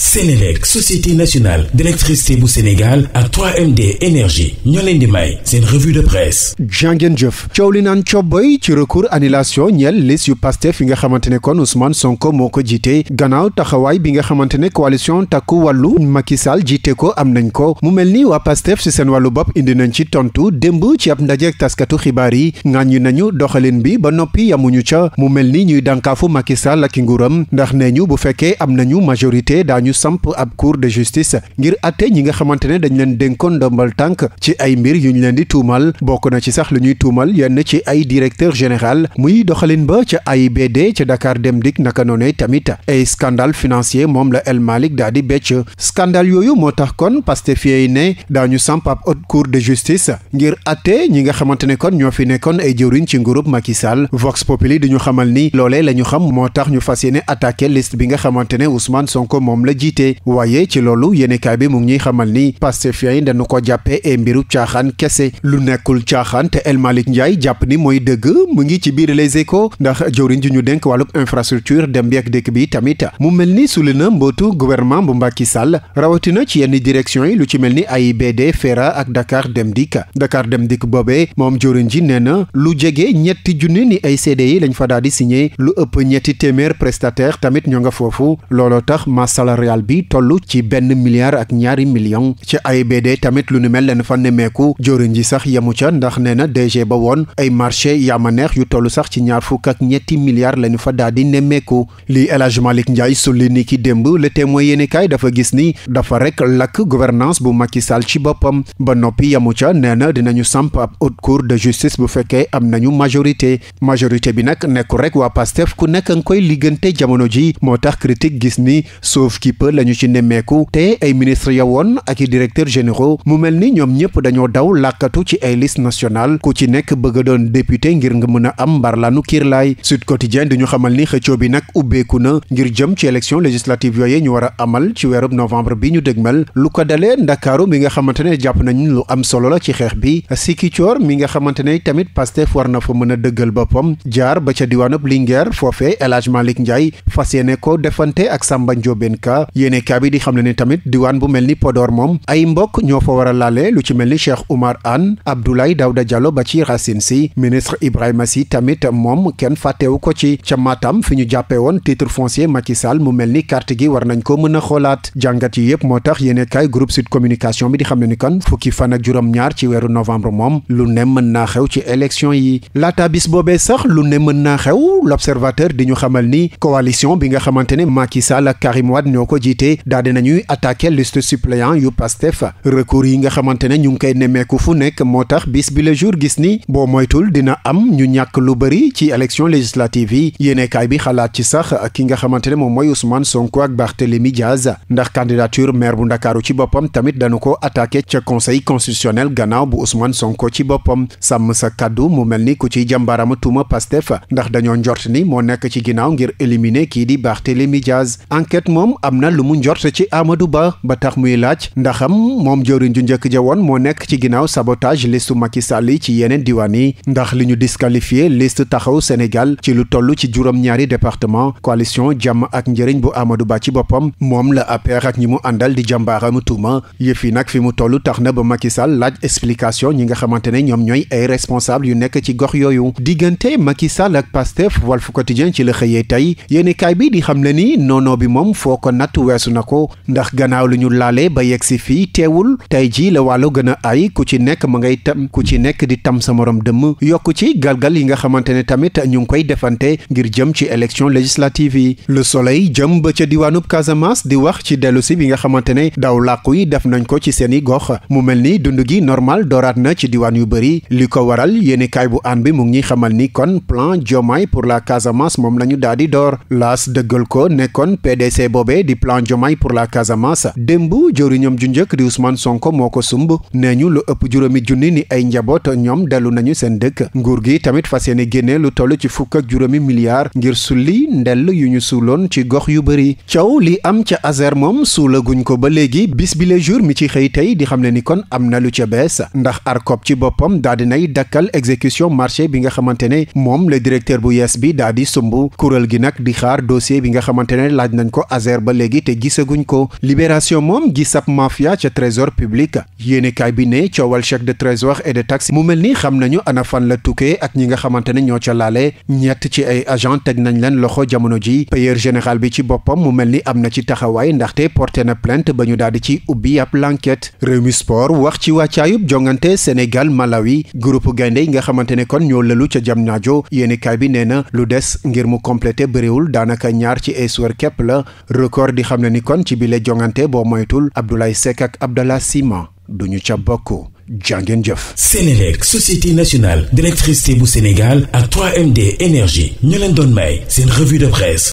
Sénélec société nationale d'électricité bu Sénégal ak 3MD énergie ñoo leen di may de presse jàngeen jëf coow li naan cobboy ci recours annulation ñeel liste yu Pastef fi nga xamante ne kon Ousmane Sonko moo ko jiite gannaaw taxawaay bi nga xamante ne coalition takku wàllu Macky Sall jiite ko am nañ ko mu mel ni waa Pastef si seen wàllu bopp indi nañ ci tontu démb ci ab ndaje ak taskatu xibaar yi ŋàññi nañu doxalin bi ba noppi yamuñu ca mu mel ni ñuy dànkaafu Macky Sall ak nguuram ndax nee ñu bu fekkee am nañu majorité daañu ñu samp ab cour de ngir atte ñi nga xamante ne leen dénkoon ndombal tànk ci ay mbir yu ñu leen di tuumal bokk na ci sax lu ñuy tuumal yenn ci ay directeur général muy doxalin ba ca AIBD ca Dakar Dem Dikk naka noonee tamit ay scandale financier moom la El Malick daa di becc scandale yooyu moo tax kon Pastef yi ne daañu samp ab haute cour de justice ngir atte ñi nga xamante kon ñoo fi nekkoon ay jëwriñ ci nguurub Macky Vox Populi di xamal ni loolee la ñu xam moo tax ñu fas yéene attaqué jiite waaye ci loolu yéenekaay bi mu ngi xamal ni pastefiens yi dañu ko jàppee e mbiru caaxaan kese lu nekkul caaxaan te El Malick Ndiaye jàpp ni mooy dëgg mu ngi ci biir Les Échos ndax jëwriñ ji ñu dénk wàllub infrastructure dem bi ak dëkk bi tamit mu mel ni suli na mbootu guvernement bu Macky sàll rawatina ci yenn direction yi lu ci mel ni AIBD FERA ak Dakar Dem Dikk Dakar Dem Dikk boobe moom jëwriñ ji nee na lu jege ñetti junni ni ay CDI lañ fa daal di signé lu ëpp ñetti téeméer tamit ñoo nga foofu territorial bi toll ci benn milliard ak ñaari million ci AIBD tamit lu nu mel leen fa nemmeeku joriñ ji sax yemu ca ndax nee na DG ba woon ay marché yaama neex yu toll sax ci ñaar fukk ak ñetti milliards lañu fa daal di nemmeeku li El Hadj Malick Ndiaye ni ki démb le témoin yéenekaay dafa gis ni dafa rekk lakk gouvernance bu Macky Sall ci boppam ba noppi yemu ca nee na dinañu samp ab haute cour de justice bu fekkee am nañu majorité majorité bi nag nekku rek waa Pastef koy liggante jamono ji moo tax peu la ñu ci nemmeeku te ay ministre ya woon ak i directeurs généraux mu mel ni ñoom ñëpp dañoo daw làkkatu ci ay liste nationale ku ci nekk bëgg doon député ngir nga mën a am mbarlaanu kiirlaay Sud Quotidien di ñu xamal ni xëccoo bi nag ubbeeku na ngir jëm ci élection législative yooye ñu war a amal ci weerub novembre bi ñu dëgmal lu ko dalee ndakaaru mi nga xamante ne jàpp nañu lu am solo la ci xeex bi Sikicoor mi nga xamante ne tamit Pastef war na fa mën a dëggal boppam jaar ba ca diwaanub Linguère foofee El Hadj Ndiaye fas yéene ko defante ak Samba Ka yéene kaa bi di xam ne ni tamit diwaan bu mel ni Podor moom ay mbokk ñoo fa war a laale lu ci mel ni Cheikh Oumar Anne Abdoulaye Daouda jalo ba ci Racine si ministre Ibrahima si tamit moom kenn fàttewu ko ci ca maatam fi ñu jàppee woon titre foncier Macky Sall mu mel ni carte gi war nañ ko mën a xoolaat jàngat yi yëpp moo tax yéene kaay groupe Sud Communication bi di xam ne ni kan fukki fan ak juróom-ñaar ci weeru novembre moom lu ne mën naa xew ci élection yi laata bis boobee sax lu ne mën naa xew l'observateur di ñu xamal ni coalition bi nga xamante ne Macky Sall ak Karim Wade ñoo ko jiite daal di nañuy attaqué liste suppléant yu Pastef recours yi nga xamante ne ñu ngi koy nemmeeku fu nekk moo tax bis bi le jour gis ni boo moytul dina am ñu ñàkk lu bëri ci élection législative yi yéenekaay bi xalaat ci sax ki nga xamante ne moom mooy Ousmane Sonko ak Barthélémy Diaz ndax candidature maire bu Ndakaaru ci boppam tamit dañu ko attaqué ca conseil constitutionnel gannaaw bu Ousmane Sonko ci boppam sàmm sa kàddu mu mel ni ku ci jàmbaarama tuuma Pastef ndax dañoo njort ni moo nekk ci ginnaaw ngir éliminer kii di Barthélémy Diaz enquête moom am am na lu mu njort ci Amadou Ba ba tax muy laaj ndaxam moom jëwriñ ju njëkk ja woon moo nekk ci ginnaaw sabotage listu Macky Sall yi ci yeneen diwaan yi ndax li ñu disqualifié liste taxaw Sénégal ci lu toll ci juróom-ñaari département coalition jàmm ak njëriñ bu amadu Ba ci boppam moom la APR ak ñi mu àndal di jàmbaaramu tuuma yëf yi nag fi mu toll tax na ba Macky Sall laaj explication ñi nga xamante ne ñoom ñooy ay responsable yu nekk ci gox yooyu diggante Macky Sall ak Pastef Walf ci la xëyee tey at weesu na ko ndax gannaaw lu ñu laalee ba yegg si fii teewul tey jii la wàllu gën a ay ku ci nekk ma ngay tam ku ci nekk di tam sa morom dëmm yokk ci galgal yi nga xamante ne tamit ñu ngi koy defante ngir jëm ci élection législative yi Le Soleil jëm ba ca diwaanub Casamance di wax ci dellu si bi nga xamante ne daw làqu yi def nañ ko ci seeni gox mu mel ni dund gi normal dooraat na ci diwaan yu bëri li ko waral yéenekaay bu aan bi mu ngi xamal ni kon plan Diomaye pour la Casamance moom la ñu daal di door plan Diomaye pour la Casamance démb ñoom ju njëkk di Ousmane Sonko moo ko sumb nee ñu lu ëpp juróomi junni ni ay njaboot ñoom dellu nañu seen dëkk nguur gi tamit fas yéene génnee lu toll ci fukk ak juróomi milliards ngir sulli ndell yu ñu suuloon ci gox yu bëri coow li am ca Azer moom suulaguñ ko ba léegi bis bi le jour mi ci xëy tey di xam ne ni kon am na lu ca bees ndax ARCOP ci boppam daa nay dakkal exécution marché bi nga xamante ne moom le directeur bu yees bi daa di sumb kuréel gi nag di xaar dossier bi nga xamante ne laaj nañ ko Azer ba léegi te gisaguñ ko libération moom gis ab mafia ca trésor public yéenekaay bi ne coowal chèque de trésor et de taxe mu mel ni xam nañu ana fan la tukkee ak ñi nga xamante ne ñoo ca laale ñett ci ay agent teg nañ leen loxo jamono ji payeur général bi ci boppam mu mel ni am na ci taxawaay ndaxte porté na plainte ba ñu daal di ci ubbi ab l'enquête Rewmi Sport wax ci wàccaayub jongante Sénégal Malawi groupe gaynde yi nga xamante ne kon ñoo lëlu ca jam naajo yéene bi nee na lu des ngir mu complété bëriwul daanaka ñaar ci ay suwar la di xam ne ni kon ci bile jongante boo moytul Abdoulaye Seck ak Abdallah Sima duñu ca bokk jàngeen jëf. Sénélec société nationale d'électricité bu Sénégal ak 3MD énergie ñu leen doon may seen revue de presse.